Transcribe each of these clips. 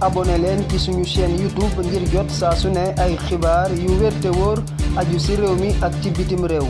abone leen ci suñu chaîne YouTube ngir jot saa su ne ay xibaar yu wér wóor aju ci réew mi ak ci bitim réew.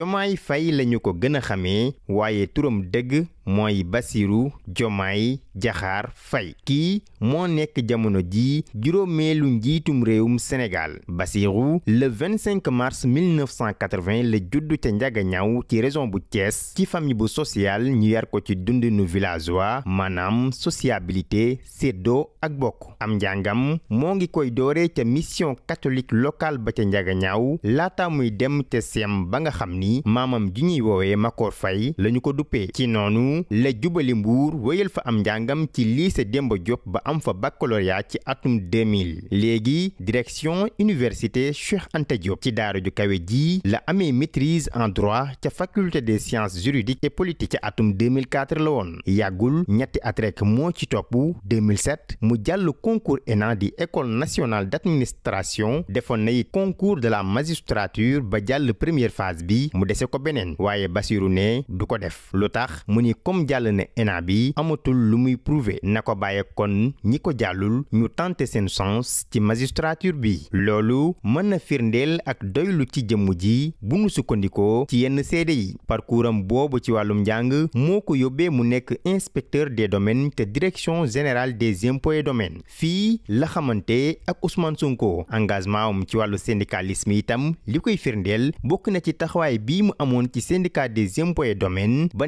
Diomaye Faye lañu ko gën a xamee waaye turam dëgg. mooy Bassirou Diomaye Diakhar fay kii moo nekk jamono ji juróomeelu njiitum réewum Sénégal Bassirou le 25 mars 1980 la juddu ca Njagañaaw ci région bu Thiès ci famille bu sociale ñu yar ko ci dund dundinu wa maanaam sociabilité séddoo ak bokk am njàngam moo ngi koy doore ca mission catholique locale ba ca Njagañaaw laata muy dem ca sem ba nga xam ni maamam ju ñuy woowee Makor fay lañu ko duppee ci noonu noonu la jubali mbuur wéyal fa am njàngam ci lii Demba Diop ba am fa baccalauréat ci atum 2000 léegi direction université Cheikh Anta ci daara ju kawe jii la amee maitrise en droit ca faculté des sciences juridiques et politiques ca atum 2004 la woon yàggul ñetti at moo ci topp 2007 mu jàll concours ENA di école nationale d'administration defoon nay it concours de la magistrature ba jàll première phase bi mu dese ko beneen waaye Basiru ne du ko def lu tax mu ni comme jàll na ENA bi amatul lu muy prouver na ko bàyyi kon ñi ko jàllul ñu tenter seen sens ci magistrature bi loolu mën na firndeel ak doylu ci jëmm ji bu nu sukkandikoo ci yenn seede yi parcours am boobu ci wàllum njàng moo ko yóbbee mu nekk inspecteur des domaines te direction générale des impôts et domaines fii la xamante ak Ousmane Sonko engagement am ci wàllu syndicalisme itam li koy firndeel bokk na ci taxawaay bii mu amoon ci syndicat des impôts et domaines ba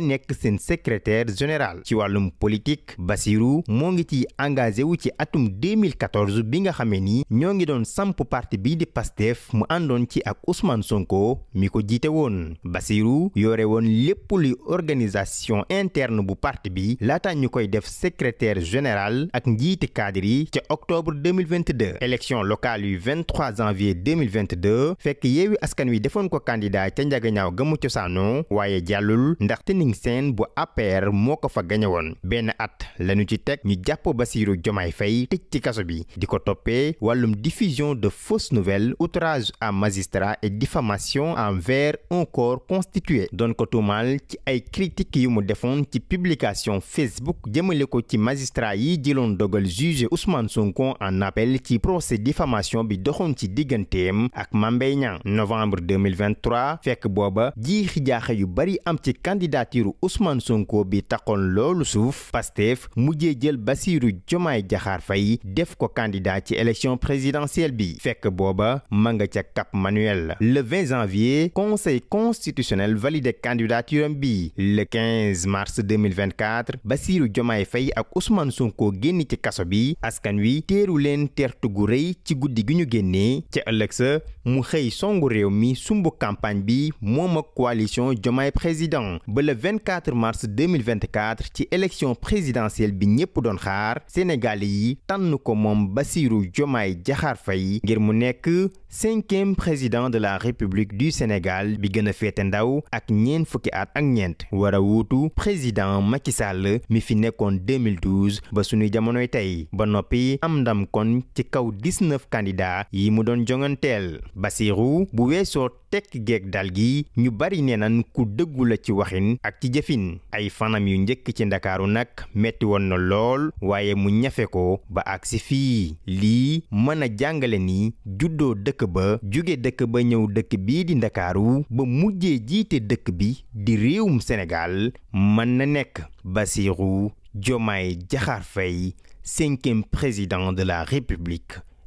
secrétaire général ci wàllum politique Bassirou moo ngi ci engagé wu ci atum 2014 bi nga xamee ni ñoo ngi doon samp parti bii di Pastef mu àndoon ci ak Ousmane Sonko mi ko jiite woon Bassirou yore woon lépp lu organisation interne bu parti bi laata ñu koy def secrétaire général ak njiite cadre yi ca octobre 2022 élection locale yu 23 janvier 2022 fekk yeewi askan wi defoon ko candidat ca njagañaaw gëmu cosaano waaye jàllul ndax Tening Sène bu app APR moo ko fa gañe woon benn at lañu ci teg ñu jàpp Bassirou Diomaye Faye tëj ci kaso bi di ko toppee wàllum diffusion de fausses nouvelles outrage en magistrat et diffamation envers un corps constitué doon ko tuumaal ci ay critiques yu mu defoon ci publication Facebook jëmale ko ci magistrat yi jëloon dogal juge Ousmane Sonko en appel ci procès diffamation bi doxoon ci digganteem ak Mame novembre 2023 fekk booba jiixi jaaxa yu bari am ci candidature Sonko bi taxoon loolu suuf Pastef mujjee jël Basiiru Jomaay Jaxaar Fay def ko candidat ci élection présidentielle bi fekk booba ma nga ca Cap Manuel le 20 janvier conseil constitutionnel validé candidature bi le 15 mars 2024 Basiiru Jomaay Fay ak Ousmane Sonko génn ci kaso bi askan wi teeru leen teertu gu rëy ci guddi gi ñu génnee ca ëllëg sa mu xëy songu réew mi sumbu campagne bi moom ak coalition Jomaay président ba le mars 2024 ci élection présidentielle bi ñépp doon xaar Sénégal yi tànn ko moom basiiru Diomaye Diakhar Faye ngir mu nekk cinquième président de la république du Sénégal bi gën a féete ndaw ak ñeent fukki at ak ñeent war a wuutu président Macky Sall mi fi nekkoon 2012 ba suñu jamonoy tey ba noppi am ndam kon ci kaw 19 candidats yi mu doon jonganteel Bassirou bu weesoo tekk geeg dal gi ñu bari nee nan ku dëggu la ci waxin ak ci jëfin ay fanam yu njëkk ci ndakaaru nag metti woon na lool waaye mu ñafe ko ba agsi fii lii mën a jàngale ni juddoo dëkk ba jóge dëkk ba ñëw dëkk bii di ndakaaru ba mujjee jiite dëkk bi di réewum Sénégal mën na nekk Bassirou Diomaye Diakhar Faye cinquième président de la République